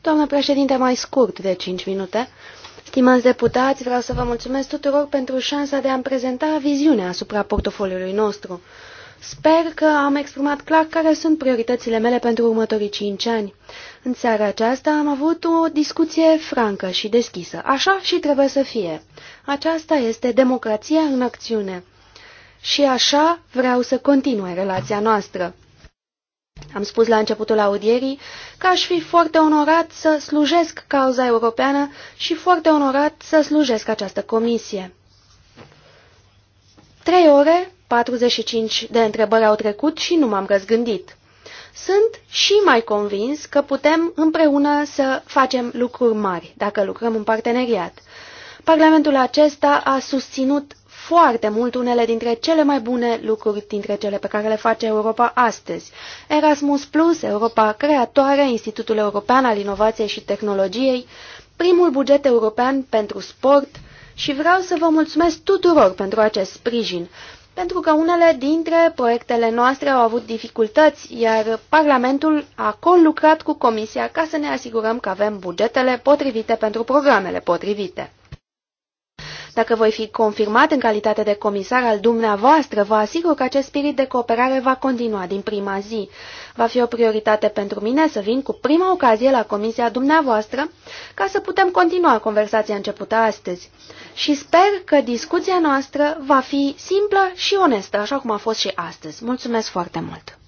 Doamnă președinte, mai scurt de 5 minute. Stimați deputați, vreau să vă mulțumesc tuturor pentru șansa de a-mi prezenta viziunea asupra portofoliului nostru. Sper că am exprimat clar care sunt prioritățile mele pentru următorii cinci ani. În seara aceasta am avut o discuție francă și deschisă. Așa și trebuie să fie. Aceasta este democrația în acțiune. Și așa vreau să continue relația noastră. Am spus la începutul audierii că aș fi foarte onorat să slujesc cauza europeană și foarte onorat să slujesc această comisie. Trei ore, 45 de întrebări au trecut și nu m-am răzgândit. Sunt și mai convins că putem împreună să facem lucruri mari, dacă lucrăm în parteneriat. Parlamentul acesta a susținut foarte mult unele dintre cele mai bune lucruri dintre cele pe care le face Europa astăzi. Erasmus Plus, Europa Creatoare, Institutul European al Inovației și Tehnologiei, primul buget european pentru sport și vreau să vă mulțumesc tuturor pentru acest sprijin, pentru că unele dintre proiectele noastre au avut dificultăți, iar Parlamentul a conlucrat cu Comisia ca să ne asigurăm că avem bugetele potrivite pentru programele potrivite. Dacă voi fi confirmat în calitate de comisar al dumneavoastră, vă asigur că acest spirit de cooperare va continua din prima zi. Va fi o prioritate pentru mine să vin cu prima ocazie la comisia dumneavoastră ca să putem continua conversația începută astăzi. Și sper că discuția noastră va fi simplă și onestă, așa cum a fost și astăzi. Mulțumesc foarte mult!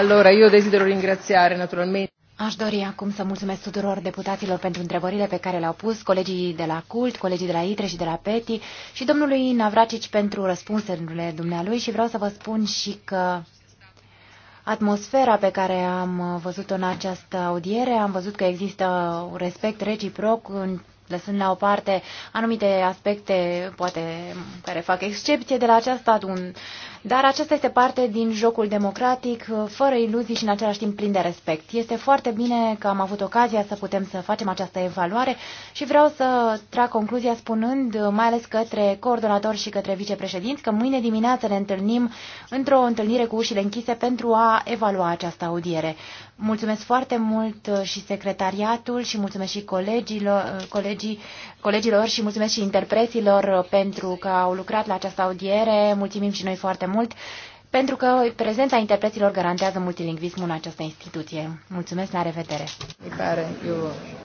eu Aș dori acum să mulțumesc tuturor deputaților pentru întrebările pe care le-au pus, colegii de la CULT, colegii de la ITRE și de la PETI și domnului Navracici pentru răspunsurile dumnealui și vreau să vă spun și că atmosfera pe care am văzut-o în această audiere, am văzut că există respect reciproc în lăsând la o parte anumite aspecte, poate, care fac excepție de la această adun. Dar aceasta este parte din jocul democratic, fără iluzii și în același timp plin de respect. Este foarte bine că am avut ocazia să putem să facem această evaluare și vreau să trag concluzia spunând, mai ales către coordonator și către vicepreședinți, că mâine dimineață ne întâlnim într-o întâlnire cu ușile închise pentru a evalua această audiere. Mulțumesc foarte mult uh, și secretariatul și mulțumesc și colegilor, uh, colegilor colegii, colegilor și mulțumesc și interpreților pentru că au lucrat la această audiere. Mulțumim și noi foarte mult pentru că prezența interpreților garantează multilingvismul în această instituție. Mulțumesc, la revedere! Mi pare, eu...